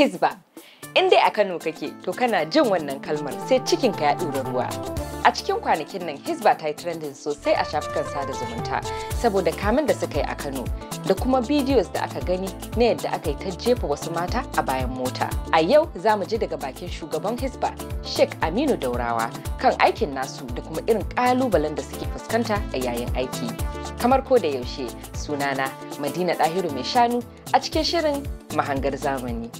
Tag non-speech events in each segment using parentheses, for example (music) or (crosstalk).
hisba in dai a kano kake to kana jin wannan kalmar sai cikinka ya ɗora ruwa a cikin kwanakin nan hisba ta yi trending sosai a shafukan sada zumunta saboda kamin da suka yi a kano da kuma videos da aka gani na yadda aka yi ta jefa wasu mata a bayan mota a yau za mu ji daga bakin shugaban hisba sheikh aminu daurawa kan aikin nasu da kuma irin kalubalen da suke fuskanta a yayin aiki kamar ko da yaushe sunana madina ɗahiru mai shanu a cikin shirin mahangar zamani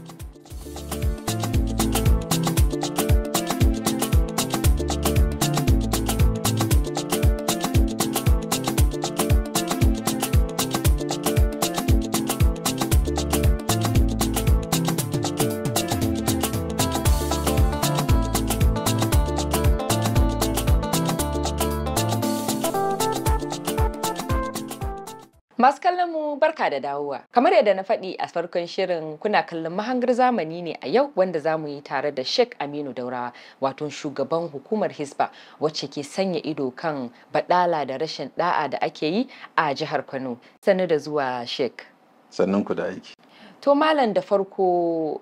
Masu kallon mu barka da dawowa. Kamar yadda na faɗi a farkon shirin kuna kallon mahangar zamani ne a yau wanda za mu yi tare da Sheikh Aminu Daurawa wato shugaban hukumar Hisba wacce ke sanya ido kan badala da rashin da'a da ake yi a jihar Kano. Sannu da zuwa Sheikh. Sannan ku da aiki. To malam da farko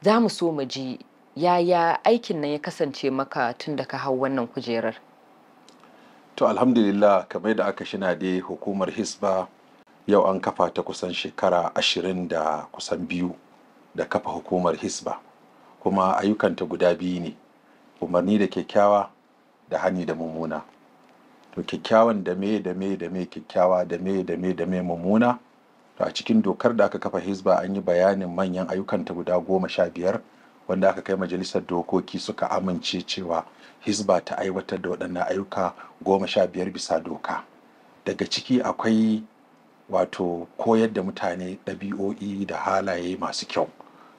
za mu so mu ji yaya aikin nan ya kasance maka tun da ka hau wannan kujerar. to alhamdulillah kamar da aka shina dai hukumar hisba yau an kafa ta kusan shekara ashirin da kusan biyu da kafa hukumar hisba kuma ayyukanta guda biyu ne umarni da kyakkyawa da hani da mummuna to kyakkyawan da me da me da me kyakkyawa da me da me da me mummuna to a cikin dokar da aka kafa hisba an yi bayanin manyan ayyukanta guda goma sha biyar wanda aka kai majalisar dokoki suka amince cewa hisba ta aiwatar da waɗannan ayyuka goma sha biyar bisa doka daga ciki akwai wato koyar da mutane ɗabi'o'i da halaye masu kyau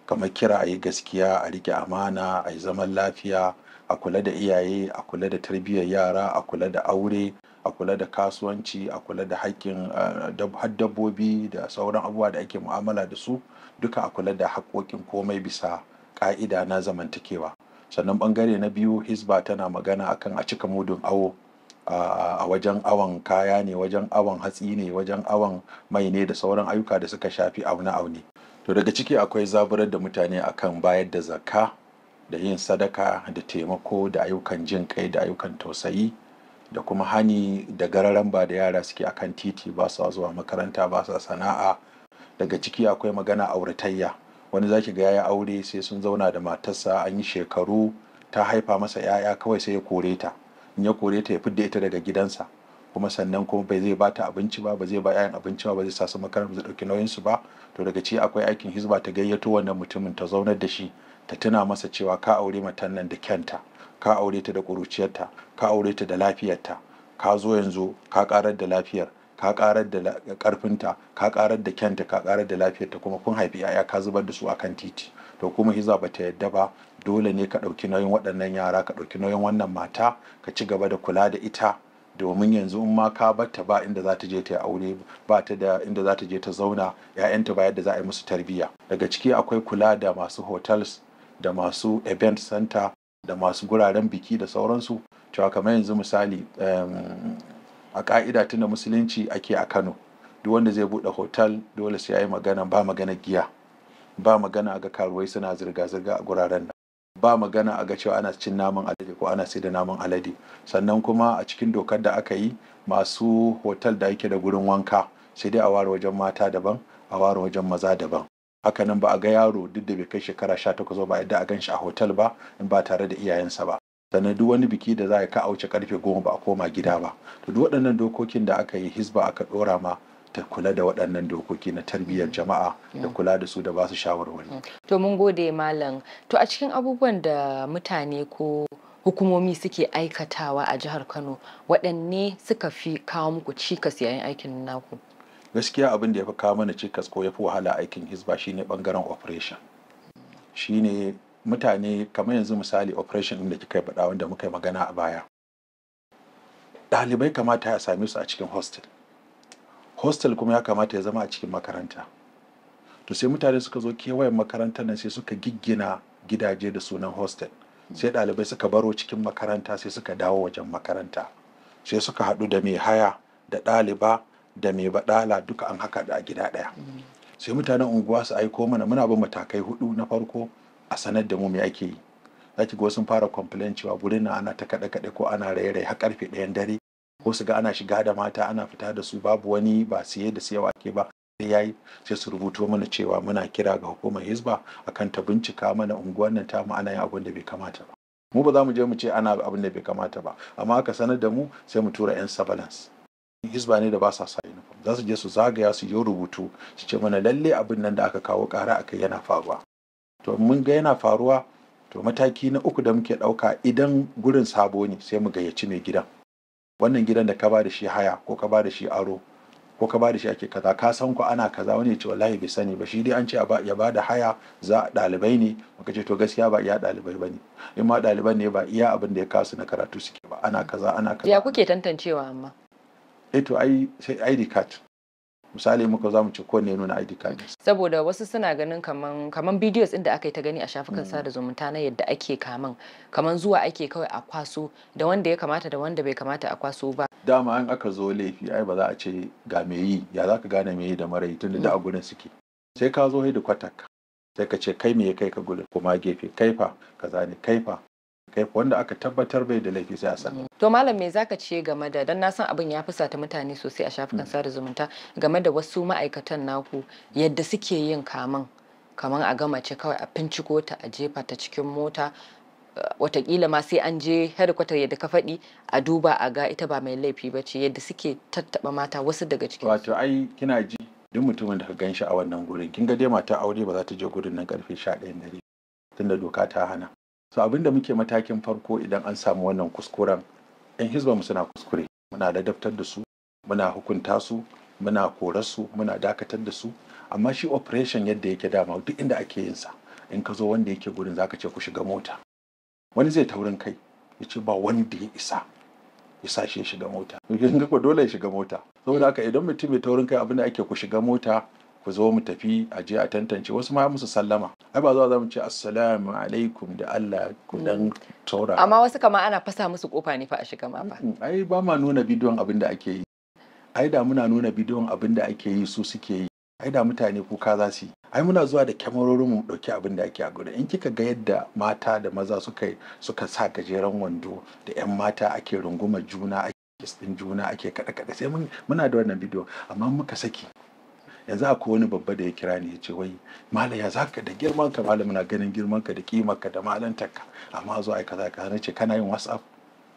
kamar kira a yi gaskiya a rike amana a yi zaman lafiya a kula da iyaye a kula da tarbiyyar yara a kula da aure a kula da kasuwanci a kula da haƙƙin eh, dabbobi da sauran abubuwa da ake mu'amala da su duka a kula da haƙƙoƙin komai bisa Ka'ida na zamantakewa sannan bangare na biyu hisba tana magana akan a cika mudun awo a wajen awon kaya ne wajen awon hatsi ne wajen awon mai ne da sauran ayyuka da suka shafi aune aune to daga ciki akwai zaburar da mutane akan bayar da zakka da yin sadaka da taimako da ayyukan jin kai da ayyukan tausayi da kuma hani da gararan ba da yara suke akan titi ba su zuwa makaranta ba sana'a daga ciki akwai magana auratayya wani zaki ga ya aure sai sun zauna da matarsa an yi shekaru ta haifa masa 'ya'ya kawai sai ya kore ta in ya kore ta ya fidda ita daga gidansa kuma sannan kuma bai zai bata abinci ba ba zai ba yayan abinci ba ba zai sa su ba zai dauki nauyin su ba to daga ci akwai aikin hizba ta gayyato wannan mutumin ta zaunar da shi ta tuna masa cewa ka aure matan nan da kyanta ka aure ta da kuruciyarta ka aure ta da lafiyarta ka zo yanzu ka karar da lafiyar ka karar da karfinta ka karar da kyanta ka karar da lafiyarta kuma kun haifi yaya ka zubar da su a kan titi to kuma hiza bata yadda ba dole ne ka ɗauki nauyin waɗannan yara ka ɗauki nauyin wannan mata ka ci gaba da kula da ita domin yanzu in ma ka batta ba inda za ta je ta aure ba ta da inda za ta je ta zauna ya'yanta ba yadda za a yi musu tarbiyya daga ciki akwai kula da masu hotels da masu event center da masu guraren biki da sauransu cewa kamar yanzu misali a ka'ida da musulunci ake a kano duk wanda zai buɗe hotel dole sai yayi magana ba magana giya ba magana a ga karuwai suna zirga-zirga a guraren nan ba magana a ga cewa ana cin naman alade ko ana saida naman alade sannan kuma a cikin dokar da aka yi masu hotel da yake da gurin wanka sai dai a ware wajen mata daban a ware wajen maza daban hakanan ba a ga yaro duk da bai kai shekara 18 ba yadda a gan shi a hotel ba in ba tare da iyayensa ba sanadu wani biki da za a ka auce karfe goma ba a koma gida ba to duk waɗannan dokokin da aka yi hisba aka ɗora ma ta kula da waɗannan dokoki na tarbiyyar jama'a da mm. kula da su da ba su shawarwari. Mm. To mun gode malam. To a cikin abubuwan da mutane ko hukumomi suke aikatawa a jihar Kano waɗanne suka fi kawo muku cikas yayin aikin naku? Gaskiya abin da ya fi kawo mana cikas ko ya fi wahala aikin hisba shine bangaren operation. Shine mutane kamar yanzu misali operation da kika faɗa wanda muka yi magana a baya ɗalibai kamata ya same su a cikin hostel hostel kuma ya kamata ya zama a cikin makaranta to sai mutane suka zo kewayen makarantar nan sai suka giggina gidaje da sunan hostel sai ɗalibai suka baro cikin makaranta sai suka dawo wajen makaranta sai suka haɗu da mai haya da ɗaliba da mai baɗala duka an haka da a gida ɗaya mm. sai mutanen unguwa su aiko mana muna bin matakai hudu na farko a sanar da mu me ake yi za ki ga sun fara complain cewa gurin na ana ta kaɗe kaɗe ko ana raye-raye har karfe ɗayan dare ko su ga ana shiga da mata ana fita da su babu wani ba siye da siyawa ake ba sai yayi sai su rubuto mana cewa muna kira ga hukumar hisba akan ta bincika mana unguwar nan ta mu ana yin abin da bai kamata ba mu ba za mu je mu ce ana abin da bai kamata ba amma aka sanar da mu sai mu tura yan surveillance hisba ne da ba sa sa inifom za su je su zagaya su yi rubutu su ce mana lalle abin nan da aka kawo kara akai yana faruwa to mun ga yana faruwa to mataki na uku da muke ɗauka idan gurin sabo ne sai mu gayyaci mai gidan wannan gidan da ka ba da shi haya ko ka ba da shi aro ko ka ba da shi ake kaza ka san ku ana kaza wani ya ce wallahi bai sani ba shi dai an ce ya ba da haya za ɗalibai ne muka ce to gaskiya ba iya ɗalibai ba ne in ma ɗaliban ne ba iya abin da ya kasu na karatu suke ba ana kaza ana kaza ya kuke tantancewa amma eh to ai sai ID card misali muka za mu ci kowanne ya nuna ID card saboda wasu suna ganin kaman kaman videos din aka yi ta gani a shafukan mm. sada zumunta na yadda ake kaman kaman zuwa ake kawai a kwaso da wanda ya kamata da wanda bai kamata a kwaso ba dama an aka zo laifi ai ba za a ce ga me yi ya za ka gane me yi da mara yi tunda da a gurin suke sai ka zo hedi kwatak sai ka ce kai me ya kai ka gudu kuma gefe kaifa kaza ne kaifa kai wanda aka tabbatar bai da laifi sai a sanar. Mm. To malam me zaka ce game da dan na san abin ya fusata mutane sosai a shafukan mm. sada zumunta game da wasu ma'aikatan naku yadda suke yin kaman kaman a gama ce kawai a finciko ta a jefa ta cikin mota eh, watakila ma sai an je headquarter yadda ka faɗi a duba a ga ita ba mai laifi ba ce yadda suke tattaɓa mata wasu daga cikin wato ai kina ji duk mutumin da ka gan shi a wannan gurin kin ga dai mata aure ba za ta je gurin nan karfe 11 dare tunda doka ta hana so abinda muke matakin farko idan an samu wannan kuskuren yan hizba mu suna kuskure muna ladabtar da su muna hukunta su muna korar su muna dakatar da su amma shi operation yadda yake dama duk inda ake yin sa in ka zo wanda yake gurin zaka ce ku shiga mota wani zai taurin kai ya ce ba wanda ya isa ya sa shi shiga mota kin dole ya shiga mota saboda haka idan mutum ya taurin kai abin ake ku shiga mota ku zo mu tafi a je a tantance wasu ma musu sallama ai ba zuwa za mu ce assalamu alaikum da Allah ku dan mm. taura amma wasu kama ana fasa musu kofa ne fa a shiga ma fa ai ba ma nuna bidiyon abin da ake yi ai da muna nuna bidiyon abin da ake yi su suke yi ai da mutane kuka za su ai muna zuwa da kyamarorin mu dauki abin da ake a gudu in kika ga yadda mata da maza suka suka sa gajeren wando da yan mata ake runguma juna ake ɗin juna ake kada kada sai muna da wannan bidiyo amma muka saki yanzu akwai wani babba da ya kira ni ya ce wai malam ya zaka da girman ka malam na ganin girman ka da kimar ka da malantar ka amma zo ai kaza kaza ce kana yin whatsapp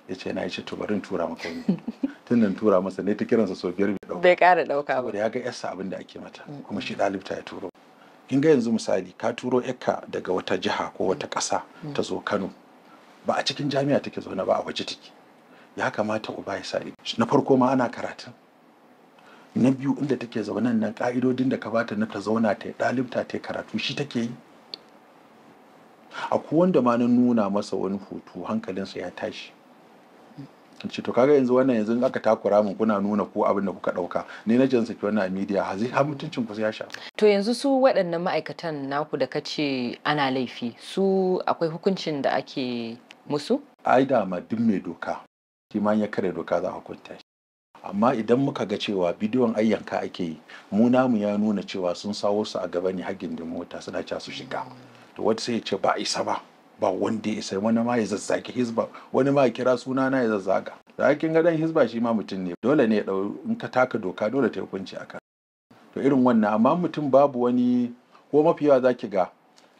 ya ce na yace to bari in tura maka wani (laughs) tun nan tura masa ne ta kiransa sau biyar bai dauka bai kara dauka ba da ya ga yarsa abin da ake mata mm. kuma shi dalibta ya turo kin ga yanzu misali ka turo yarka daga wata jiha ko mm. wata kasa mm. ta zo Kano ba a cikin jami'a take zo na ba a waje take ya kamata uba ya sa na farko ma ana karatun na biyu inda take zaunan nan ka'idodin da ka bata na ta zauna ta ɗalibta ta karatu shi take yi akwai wanda ma na nuna masa wani hoto hankalinsa ya tashi ce to kaga yanzu wannan yanzu aka takura mun kuna nuna ko abin da kuka dauka ne na jan ki wannan a media hazi zai mutuncin ku ya sha to yanzu su waɗannan ma'aikatan naku da kace ana laifi su akwai hukuncin da ake musu ai da ma duk mai doka kiman ya kare doka za hukunta amma idan muka ga cewa bidiyon ayyanka ake yi mu namu ya nuna cewa sun sawo su a gaba ne hagin da mota suna ca su shiga to wata sai ya ce ba isa ba ba wanda ya isa wani ma ya zazzage hizba wani ma ya kira suna na ya zazzaga da hakin gadon hizba shi ma mutum ne dole ne ya in ka taka doka dole ta hukunci akan to irin wannan amma mutum babu wani ko mafi yawa zaki ga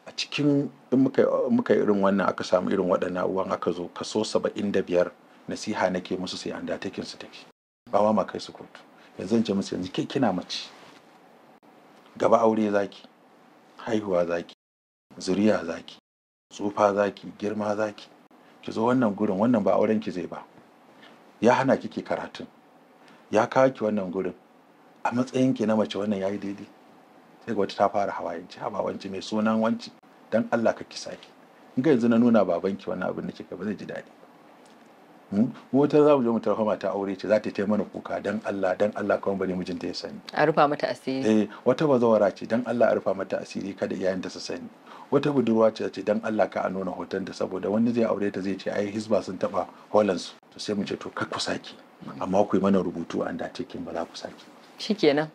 a cikin in muka irin wannan aka samu irin waɗannan uwan aka zo kaso saba'in da biyar nasiha nake musu sai an da takin su take ba ma kai su kotu yanzu ce musu yanzu ke kina mace gaba aure zaki haihuwa zaki zuriya zaki tsufa zaki girma zaki ki zo wannan gurin wannan ba auren ki zai ba ya hana kike karatun ya kawo ki wannan gurin a matsayin ki na mace wannan yayi daidai sai ga wata ta fara hawayen ci ba wanci mai sunan wanci dan Allah ka ki saki in ga yanzu na nuna babanki wannan abin da ka ba zai ji daɗi wata za mu je mu tarfa mata aure ce za ta taimaka mana kuka dan Allah dan Allah kawai bari mijinta ya sani a rufa mata asiri eh wata bazawara ce dan Allah a rufa mata asiri kada ta su sani wata budurwa ce ce dan Allah ka a nuna ta saboda wani zai aure ta zai ce ai hisba sun taba su to sai mu ce to kar ku saki amma ku yi mana rubutu an da cikin ba za ku saki shikenan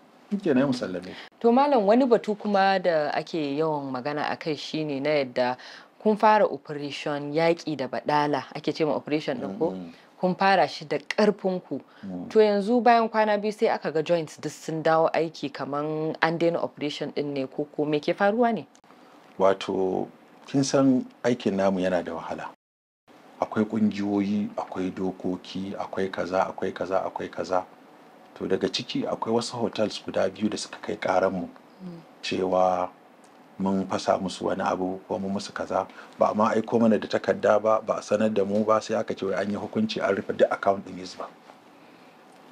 kenan musallame to malam wani batu kuma da ake yawan magana akai shine na yadda kun fara operation yaƙi da baɗala ake ce ma operation ɗin ko mm-hmm. kun fara shi da ƙarfin ku mm. to yanzu bayan kwana biyu sai aka ga joints duk sun dawo aiki kamar an daina operation ɗin ne ko ko me ke faruwa ne wato kin san aikin namu yana da wahala akwai ƙungiyoyi akwai dokoki akwai kaza akwai kaza akwai kaza to daga ciki akwai wasu hotels guda biyu da suka kai mu mm. cewa mun fasa musu wani abu ko mun musu kaza ba a ma aiko mana da takarda ba ba a sanar da mu ba sai aka ce wai an yi hukunci an rufe duk account din ba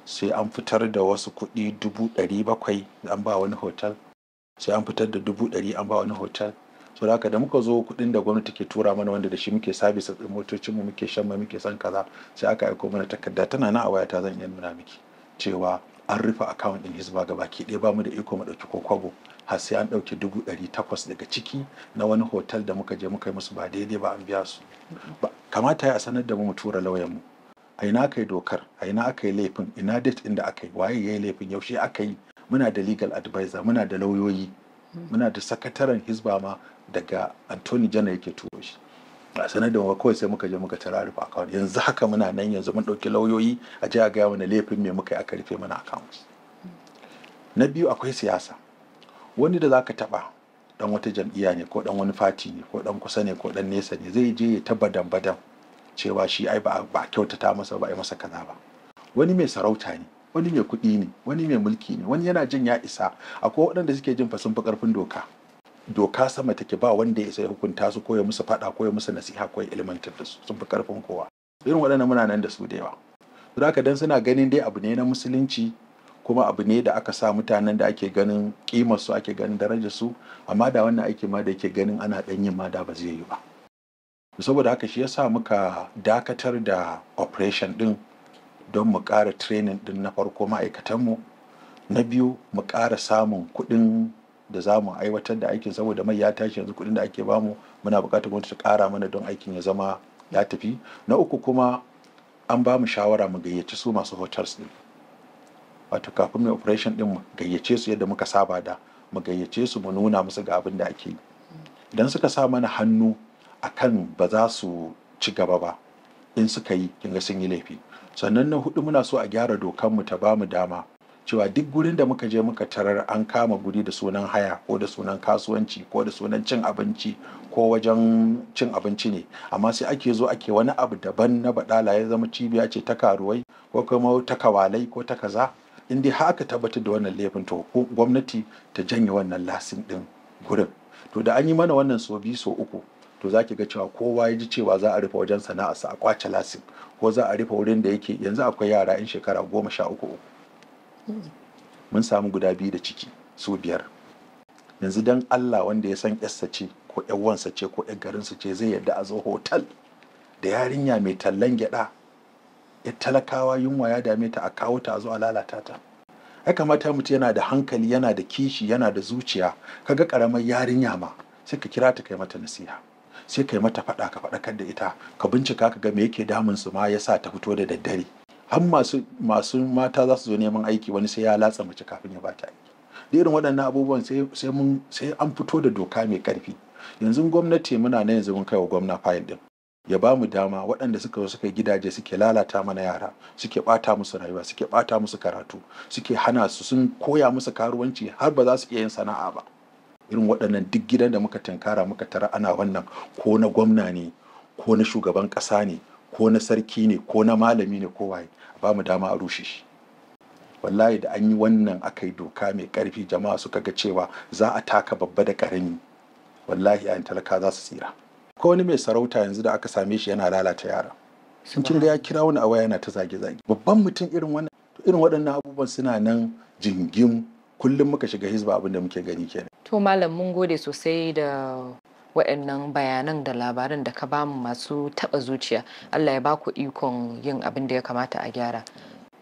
sai an fitar da wasu kuɗi dubu ɗari bakwai an ba wani hotel sai an fitar da dubu ɗari an ba wani hotel so da haka da muka zo kuɗin da gwamnati ke tura mana wanda da shi muke sabis ɗin motocin mu muke shan muke san kaza sai aka aiko mana takarda tana nan a wayata zan iya nuna miki cewa an rufe account din hizba ga baki ɗaya bamu da iko mu ɗauki ko kwabo har sai an ɗauki dubu ɗari takwas daga ciki na wani hotel da muka je muka yi musu ba daidai ba an biya su kamata ya sanar da mu mu tura lauyan mu a ina aka yi dokar a ina aka yi laifin ina date inda aka yi waye ya yi laifin yaushe aka yi muna da legal advisor muna da lauyoyi muna da sakataren hisba ma daga antony jana yake tuwo shi a sanadin wa kawai sai muka je muka tara rufe account yanzu haka muna nan yanzu mun ɗauki lauyoyi a je a gaya mana laifin me muka yi aka rufe mana account na biyu akwai siyasa wani da zaka taɓa dan wata jam'iyya ne ko dan wani fati ne ko dan kusa ne ko dan nesa ne zai je ya taba badan badan cewa shi ai ba ba kyautata masa ba ai masa kaza ba wani mai sarauta ne wani mai kuɗi ne wani mai mulki ne wani yana jin ya isa akwai waɗanda suke jin fa fi ƙarfin doka doka sama take ba wanda ya sai hukunta su ko ya musu fada ko ya musu nasiha ko ya ilmantar da su sun fi karfin kowa irin waɗannan muna nan da su da yawa don haka dan suna ganin dai abu ne na musulunci kuma abu ne da aka sa mutanen da ake ganin kimar su ake ganin darajar su amma da wannan aiki ma da yake ganin ana dan yin ma da ba zai yi ba saboda haka shi yasa muka dakatar da operation din don mu ƙara training din na farko ma'aikatanmu na biyu mu ƙara samun kuɗin da za mu aiwatar da aikin saboda mai ya tashi yanzu kudin da ake bamu muna buƙatar gwamnati ta kara mana don aikin ya zama ya tafi na uku kuma an ba mu shawara mu gayyaci su masu hotels din wato kafin mai operation din mu gayyace su yadda muka saba da mu gayyace su mu nuna musu ga abin da ake yi idan suka sa mana hannu akan ba za su ci gaba ba in suka yi kinga sun yi laifi sannan na hudu muna so a gyara dokan mu ta ba mu dama cewa duk gurin da muka je muka tarar an kama guri da sunan haya ko da sunan kasuwanci ko da sunan cin abinci ko wajen cin abinci ne amma sai ake zo ake wani abu daban na baɗala ya zama cibiya ce ta karuwai ko kuma ta kawalai ko ta kaza in dai haka tabbatar da wannan laifin to gwamnati ta janye wannan lasin din gurin to da an yi mana wannan so biyu so uku to za ki ga cewa kowa ya ji cewa za a rufe wajen sana'arsa a kwace lasin ko za a rufe wurin da yake yanzu akwai yara 'yan shekara goma sha uku uku mun samu guda biyu da ciki su biyar yanzu dan Allah wanda ya san yarsa ce ko 'yar wansa ce ko yan garinsa ce zai yadda a zo hotel da yarinya mai tallan gyada ya talakawa yunwa ya dame ta a kawo ta a zo a lalata ta ya kamata mutum yana da hankali yana da kishi yana da zuciya kaga karamar yarinya ma sai ka kira ta kai mata nasiha sai kai mata faɗa ka faɗakar da ita ka bincika ka ga me yake damun su ma yasa ta fito da daddare har masu mata za su zo neman aiki wani sai ya latsa mace kafin ya ba ta aiki da irin waɗannan abubuwan sai mun sai an fito da doka mai karfi yanzu gwamnati muna na yanzu mun kai wa gwamna fayil din ya ba mu dama waɗanda suka zo suka gidaje suke lalata mana yara suke ɓata musu rayuwa suke ɓata musu karatu suke hana su sun koya musu karuwanci har ba za su iya yin sana'a ba irin waɗannan duk gidan da muka tankara muka tara ana wannan ko na gwamna ne ko na shugaban ƙasa ne ko na sarki ne ko na malami ne ko waye ba mu dama a rushe shi wallahi da an yi wannan aka doka mai karfi jama'a suka ga cewa za a taka babba da karami wallahi 'ya'yan talaka za su tsira ko wani mai sarauta yanzu da aka same shi yana lalata yara sun kin ya kira wani a waya yana ta zage-zage babban mutum irin wannan irin waɗannan abubuwan suna nan jingim kullum muka shiga hizba abin da muke gani kenan to malam mun gode sosai da waɗannan bayanan da labaran da ka ba mu masu taɓa zuciya allah ya baku ikon yin abin da ya kamata a gyara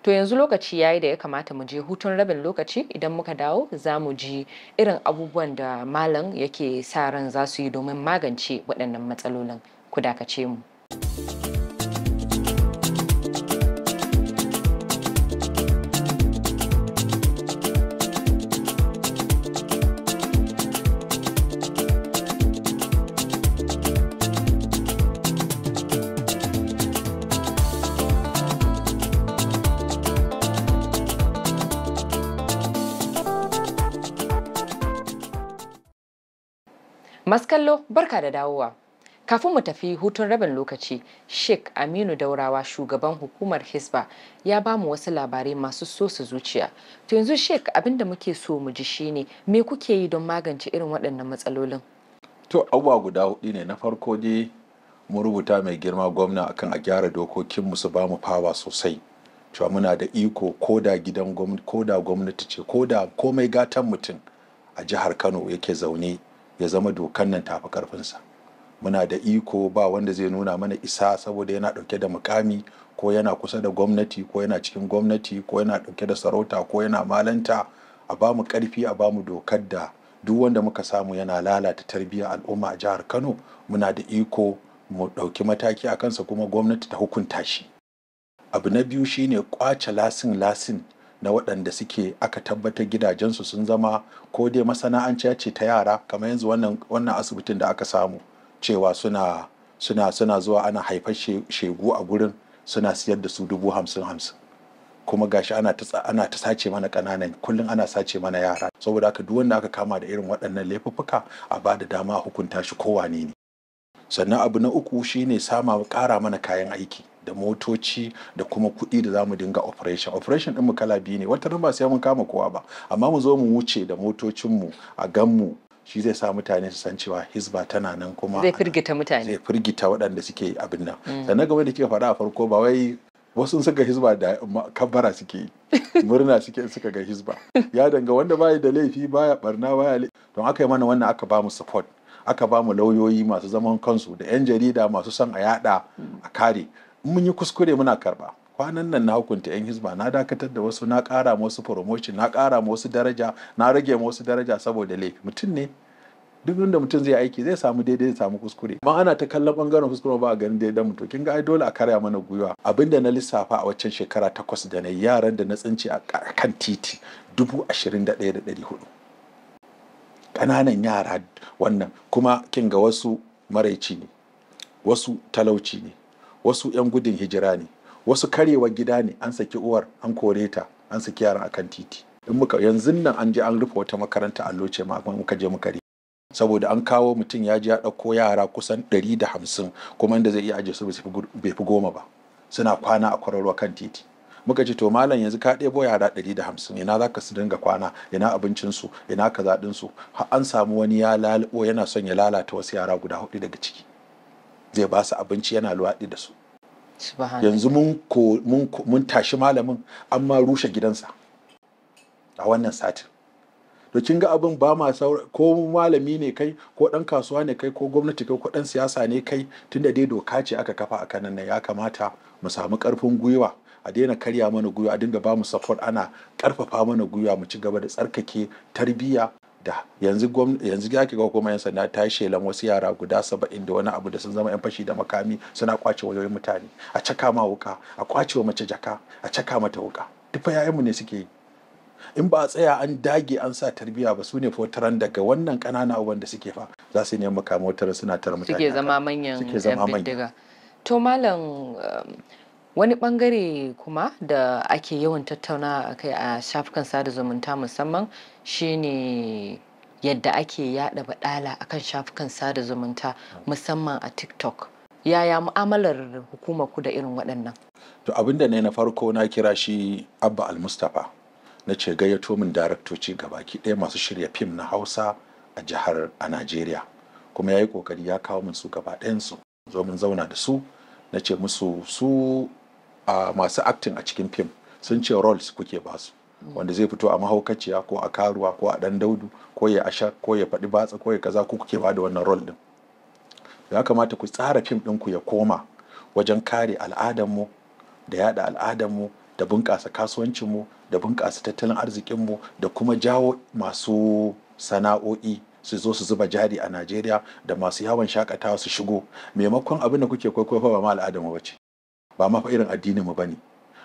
to yanzu lokaci ya yi da ya kamata mu je hutun rabin lokaci idan muka dawo za mu ji irin abubuwan da malam yake sa ran za su yi domin magance waɗannan matsalolin ku dakace mu Maskallo barka da dawowa. Kafin mu tafi hutun rabin lokaci, Sheikh Aminu Daurawa shugaban hukumar Hisba ya ba mu wasu labarai masu so su zuciya. To yanzu Sheikh abinda muke so mu ji shine me kuke yi don magance irin waɗannan matsalolin? To abubuwa guda hudu ne na farko dai mu rubuta mai girma gwamna akan a gyara dokokin mu su ba mu fawa sosai. Cewa muna da iko ko da gidan gwamnati ko da gwamnati ce ko da komai gatan mutum a jihar Kano yake zaune ya zama dokan nan tafi karfinsa muna da iko ba wanda zai nuna mana isa saboda yana dauke da mukami ko yana kusa da gwamnati ko yana cikin gwamnati ko yana dauke da sarauta ko yana malanta a ba mu karfi a ba mu dokar da duk wanda muka samu yana lalata tarbiyyar al'umma a jihar Kano muna da iko mu dauki mataki a kansa kuma gwamnati ta hukunta shi abu na biyu shine kwace lasin lasin na waɗanda suke aka tabbatar gidajensu sun zama ko dai masana'anciya ce ta yara kamar yanzu wannan asibitin da aka samu cewa suna suna zuwa ana haifar shegu a gurin suna siyar da su dubu hamsin hamsin kuma gashi ana ta ana ta sace mana ƙananan kullum ana sace mana yara saboda haka duk wanda aka kama da irin waɗannan laifuffuka a ba da dama a hukunta shi kowane ne sannan abu na uku shine sama ƙara mana kayan aiki da motoci da kuma kuɗi da za mu dinga operation operation ɗin mu kala biyu ne wata ba sai mun kama kowa ba amma mu zo mu wuce da motocinmu a ganmu shi zai sa mutane su san cewa hizba tana nan kuma zai firgita mutane zai firgita waɗanda suke abin nan mm. sannan game da kika faɗa a farko ba wai wasu suka hizba da kabbara suke (laughs) murna suke suka ga hizba ya danga wanda baya da laifi baya barna baya don aka yi mana wannan aka ba mu support aka ba mu lauyoyi masu zaman kansu da 'yan jarida masu son a yada a kare mun yi kuskure muna karba kwanan nan na hukunta 'yan hizba na dakatar da wasu na kara wasu promotion na kara wasu daraja na rage wasu daraja saboda laifi mutum ne duk da mutum zai aiki zai samu daidai samu kuskure amma ana ta kallon bangaren kuskure ba a ganin daidai mutum kin ga ai dole a karya mana gwiwa abinda na lissafa a waccan shekara takwas da na yaran da na tsinci a kan titi dubu ashirin da ɗaya da ɗari hudu ƙananan yara wannan kuma kin ga wasu maraici ne wasu talauci ne wasu 'yan gudun hijira ne wasu karewa gida ne an saki uwar an kore ta an saki yaran akan titi in muka yanzu nan an je an rufe wata makaranta allo ce ma muka je muka ri saboda an kawo mutum ya ji ya ɗauko yara kusan 150 kuma inda zai iya aje su bai fi goma ba suna kwana a kwararwa kan titi muka ce to malam yanzu ka ɗebo yara ɗari da hamsin ina za ka su dinga kwana ina abincinsu ina kaza ɗinsu har an samu wani ya lalabo yana son ya lalata wasu yara guda hudu daga ciki zai ba su abinci yana luwaɗi da su yanzu mun tashi malamin an rushe gidansa a wannan satin to kin ga abin ba ma ko malami ne kai ko dan kasuwa ne kai ko gwamnati kai ko dan siyasa ne kai tunda dai doka ce aka kafa a kanan nan ya kamata mu samu karfin gwiwa a daina karya mana gwiwa a dinga ba mu support ana ƙarfafa mana gwiwa mu ci gaba da tsarkake tarbiyya ta'adda yanzu ya ga ga kuma yan sanda ta shelan wasu yara guda saba'in da wani abu da sun zama yan fashi da makami suna kwace wayoyin mutane a caka ma wuka a kwace wa mace jaka a caka mata wuka duk fa yayanmu ne suke yi in ba a tsaya an dage an sa tarbiya ba su ne fotaran daga wannan ƙananan abubuwan da suke fa za su nemi kama suna tar mutane suke zama manyan suke zama manyan to malam um, wani bangare kuma da ake yawan tattauna a kai a shafukan sada zumunta musamman shine yadda ake yada badala kan shafukan sada zumunta musamman a tiktok yaya mu'amalar hukumar ku da irin waɗannan to abinda ne na farko na kira shi abba almustapha na ce gayyato min daraktoci gabaki ɗaya masu shirya fim na hausa a jihar a najeriya kuma ya yi kokari ya kawo min su gaba ɗayansu zo mun zauna da su na ce musu su A masu acting a cikin fim sun ce roles kuke basu wanda zai fito a mahaukaciya ko a karuwa ko a dan daudu ko ya asha ko ya faɗi batsa ko ya kaza ku kuke ba da wannan rol din ya kamata ku tsara fim ku ya koma wajen kare al'adar mu da yada mu da bunƙasa kasuwancin mu da bunƙasa tattalin arzikin mu da kuma jawo masu sana'o'i su zo su zuba jari a najeriya da masu yawon shakatawa su shigo maimakon abin da kuke kwaikwayo ba ma al'adar ba ce ba ma fa irin addinin mu bane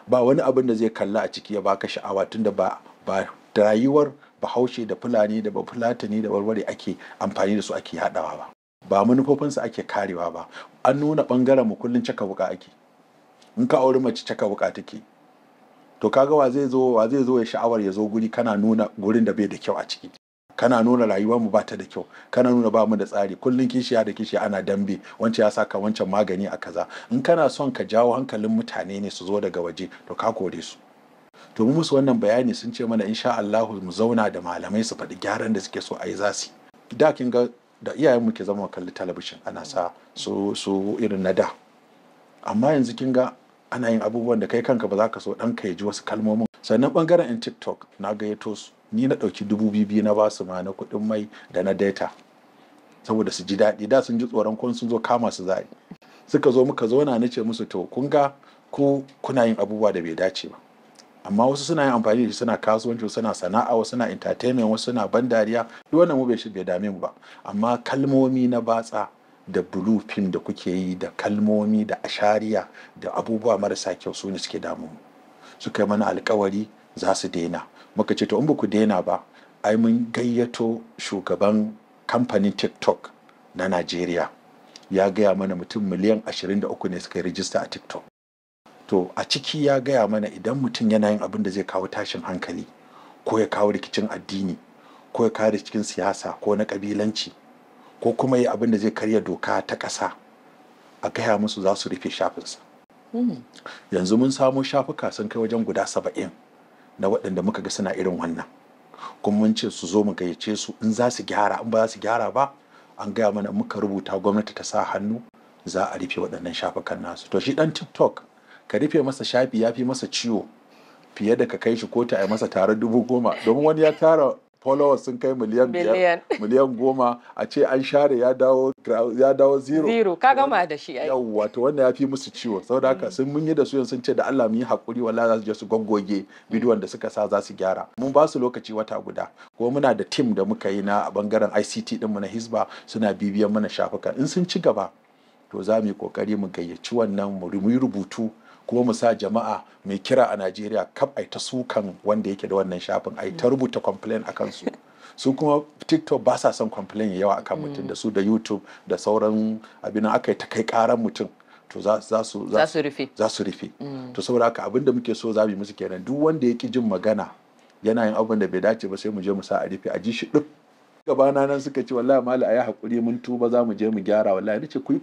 ba wani abin da zai kalla a ciki ya baka sha'awa tunda ba ba rayuwar bahaushe da fulani da bafulatani da warware ake amfani da su ake haɗawa ba ba manufofinsu ake karewa ba an nuna ɓangaren mu kullum caka wuka ake in ka auri mace caka wuka take to kaga wa zai zo wa zai zo ya sha'awar ya zo guri kana nuna gurin da bai da kyau a ciki kana nuna rayuwar mu bata da kyau kana nuna ba mu da tsari kullun kishiya da kishiya ana dambe wancan ya saka wancan magani a kaza in kana son ka jawo hankalin mutane ne su zo daga waje to ka kore su to mu musu wannan bayani sun ce mana insha Allah mu zauna da malamai su faɗi gyaran da suke so a zasu da kin ga da mu ke zama kalli talabishin ana sa su su irin na da amma yanzu kin ga ana yin abubuwan da kai kanka ba za ka so ka ya ji wasu kalmomin sannan ɓangaren in tiktok na gayyato su ni na ɗauki dubu biyu na basu ma na kuɗin mai da na data saboda su ji daɗi da sun ji tsoron kun sun zo kama su za'a suka zo muka zauna na ce musu to kun ga ku kuna yin abubuwa da bai dace ba amma wasu suna yin amfani da shi suna kasuwanci suna sana'a wasu suna entertainment wasu suna ban dariya duk wannan mu bai dame mu ba amma kalmomi na batsa da blue fim da kuke yi da kalmomi da ashariya da abubuwa marasa kyau su ne suke damu suka yi mana alkawari za su daina muka ce to in ba ku daina ba ai mun gayyato shugaban kamfanin tiktok na najeriya ya gaya mana mutum miliyan 23 ne suka yi rijista a tiktok to a ciki ya gaya mana idan mutum yana yin abin da zai kawo tashin hankali ko ya kawo rikicin addini ko ya kawo rikicin siyasa ko na kabilanci ko kuma yi abin da zai karya doka ta ƙasa a gaya musu za su rufe shafinsa hmm. yanzu mun samo shafuka sun kai wajen guda saba'in na waɗanda muka ga suna irin wannan kuma mun ce su zo mu gayyace su in za su gyara in ba za su gyara ba an gaya mana muka rubuta gwamnati ta sa hannu za a rufe waɗannan shafukan nasu to shi ɗan tiktok ka rufe masa shafi ya fi masa ciwo fiye da ka kai shi kota a masa tare dubu goma domin wani ya tara followers sun kai miliyan (laughs) miliyan goma a ce an share ya dawo ya dawo zero zero ka gama da shi ai yawwa to wannan ya fi musu ciwo saboda haka mm. sun mun yi da su sun ce da Allah mu yi hakuri wallahi za su je su goggoge bidiyon da suka sa za su gyara mun ba su lokaci wata guda ko muna da team da muka yi na bangaren ICT din mu na Hisba suna bibiyan mana shafukan in sun ci gaba to za mu yi kokari mu gayyaci wannan mu rubutu kuma mu sa jama'a mai kira a Najeriya kaf ai ta sukan wanda yake da wannan shafin ai ta mm. rubuta complaint akan su su kuma tiktok ba sa son complain yawa akan mutum mm. da su da youtube da sauran abin aka yi ta kai karan mutum to za su rufe za su rufe mm. to saboda haka abinda da muke so za mu yi musu kenan duk wanda yake jin magana yana yin abin da bai dace ba sai mu je mu sa a rufe a ji shi duk gabana nan suka ce wallahi a ayi hakuri mun tuba za mu je mu gyara wallahi nace ku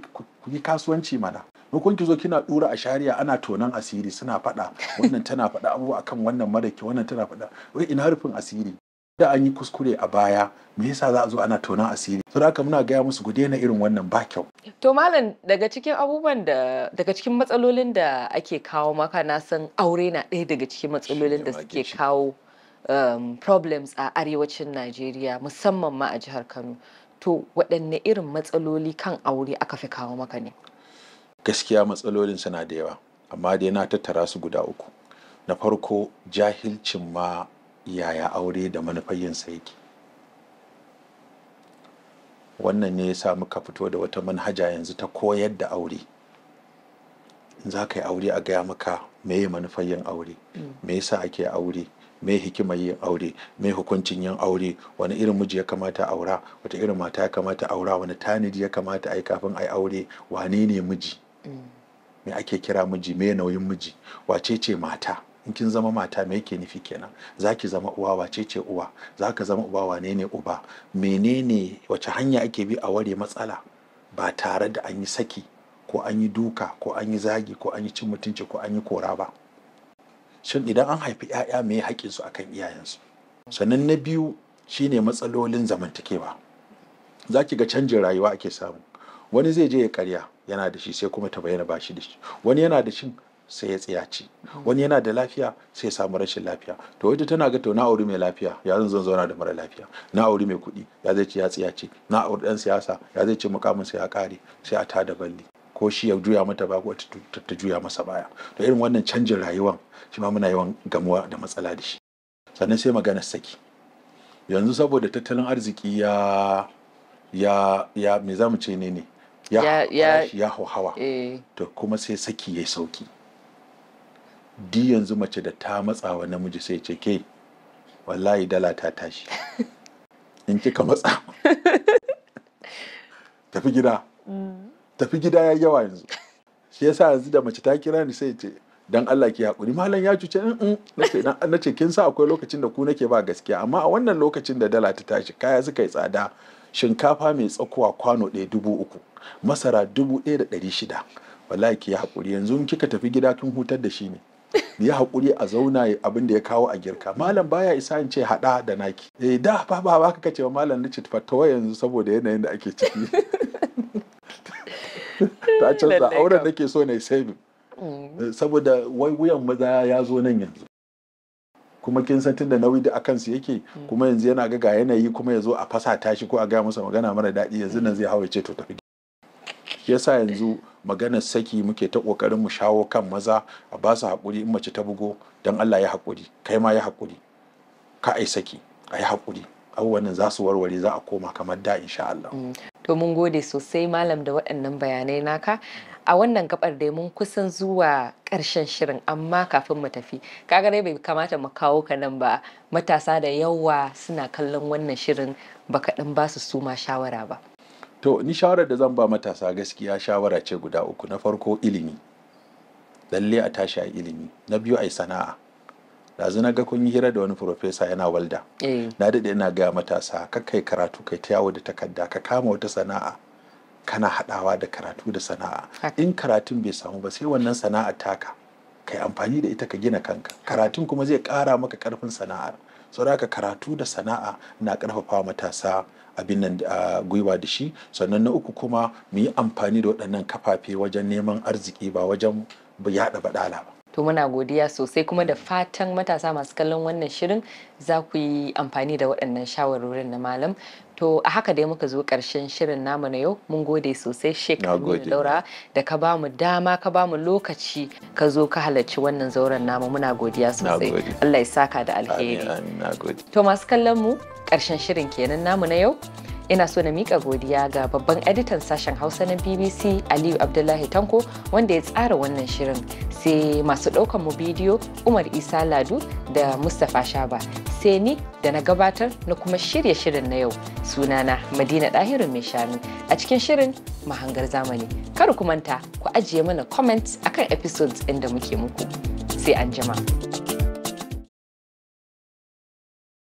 yi kasuwanci mana mukun ki zo kina dura a shari'a ana tonan asiri suna faɗa wannan tana faɗa abubuwa akan wannan maraki wannan tana faɗa wai ina rufin asiri da an yi kuskure a baya me yasa za a zo ana tonan asiri to haka muna gaya musu ku daina irin wannan ba kyau to malam daga cikin abubuwan da daga cikin matsalolin da ake kawo maka na san aure na ɗaya daga cikin matsalolin da suke kawo um, problems a arewacin Najeriya musamman ma a jihar Kano to waɗanne irin matsaloli kan aure aka fi kawo maka ne gaskiya matsalolin suna da yawa amma dai na tattara su guda uku na farko jahilcin ma yaya aure da yin yake wannan ne ya sa muka fito da wata manhaja yanzu ta koyar da aure za ka yi aure a gaya maka me ya manufar yin aure me yasa ake aure me hikimar yin aure me hukuncin yin aure wani irin miji ya kamata aura wata irin mata ya kamata aura wani tanadi ya kamata a yi kafin a yi aure wane ne miji me ake kira miji me nauyin miji wace ce mata in kin zama mata me yake nufi kenan za ki zama uwa wace ce uwa za ka zama uba wane ne uba menene wace hanya ake bi a ware matsala ba tare da an yi saki ko an yi duka ko an yi zagi ko an yi cin mutunci ko an yi kora ba shin idan an haifi 'ya'ya me haƙƙinsu akan iyayensu sannan na biyu shine matsalolin zamantakewa za ki ga canjin rayuwa ake samu wani zai je ya karya yana da shi sai kuma ta bayyana ba shi da shi wani yana da shi sai ya ci wani yana da lafiya sai ya samu rashin lafiya to wata tana ga to na auri mai lafiya ya zan zan zauna da mara lafiya na auri mai kuɗi ya zai ci ya ci na auri ɗan siyasa ya zai ci mukamin sai ya kare sai a tada balli ko shi ya juya mata ba ko ta juya masa baya to irin wannan canjin rayuwan shi ma muna yawan gamuwa da matsala da shi sannan sai magana saki yanzu saboda tattalin arziki ya ya ya me zamu ce ne ne ya hauhawa eh. to kuma sai saki ya sauki di yanzu mace da ta matsawa namiji sai ce ke wallahi dala ta tashi (laughs) in kika matsa (laughs) tafi gida mm. tafi gida ya yawa yanzu shi yasa yanzu da mace ta kira ni sai ce dan Allah ki hakuri malam ya cuce in mm, mm. na ce kin sa akwai lokacin da ku nake ba gaskiya amma a wannan lokacin da dala ta tashi kaya suka yi tsada shinkafa mai tsakuwa kwano ɗaya dubu uku masara dubu ɗaya da ɗari shida wallahi ki haƙuri yanzu kika tafi gida kin hutar da shi ne ya haƙuri a zauna abin da ya kawo a girka malam baya isa in ce haɗa da naki eh da ba ba ba ka ce malam na ce fatawa yanzu saboda yanayin da ake ciki ta canza auren nake so na saving mm. eh, saboda wai wuyan maza ya zo nan yanzu kuma kin san tunda nauyi da akan su yake mm. kuma yanzu yana ga ga yanayi kuma ya zo a fasa tashi ko a ga masa magana mara daɗi yanzu nan mm. zai hawa ce to tafi yasa yanzu maganar saki muke ta kokarin mu shawo kan maza a ba su haƙuri in mace ta bugo dan Allah ya haƙuri kai ma ya haƙuri ka ai saki ai haƙuri abubuwan za su warware za a koma kamar da insha Allah mm. To mun gode sosai malam da waɗannan bayanai naka. A wannan gabar dai mun kusan zuwa ƙarshen shirin amma kafin mu tafi kaga dai bai kamata mu kawo ka nan ba matasa da yawa suna kallon wannan shirin ba kaɗan ba su suma shawara ba. To ni shawarar da zan ba matasa gaskiya shawara ce guda uku na farko ilimi. Lalle a tashi a ilimi na biyu a sana'a yanzu na ga kun yi hira da wani profesa yana walda eh. na daɗe ina gaya matasa kakai karatu kai ta yawo da takarda ka kama wata sana'a kana haɗawa da karatu da sana'a in karatun bai samu ba sai wannan sana'a taka kai amfani da ita ka gina kanka karatun kuma zai ƙara maka ƙarfin sana'ar saboda karatu da sana'a na ƙarfafa matasa abin nan gwiwa da shi sannan na uku kuma mu yi amfani da waɗannan kafafe wajen neman arziki ba wajen yada baɗala ba to muna godiya sosai kuma da fatan matasa masu kallon wannan shirin za ku yi amfani da waɗannan shawarorin na malam to a haka dai muka zo ƙarshen shirin namu na yau mun gode sosai sheik daura da ka bamu dama ka bamu lokaci ka zo ka halarci wannan zauren namu muna godiya sosai Allah ya saka da alheri to masu kallon mu ƙarshen shirin kenan namu na yau ina so na mika godiya ga babban editan sashen hausa na bbc aliyu abdullahi tanko wanda ya tsara wannan shirin sai masu ɗaukan mu bidiyo umar isa ladu da mustapha shaba sai ni da na gabatar na kuma shirya shirin na yau sunana madina ɗahiru mai shanu a cikin shirin mahangar zamani kar ku manta ku ajiye mana comments akan episodes inda muke muku sai an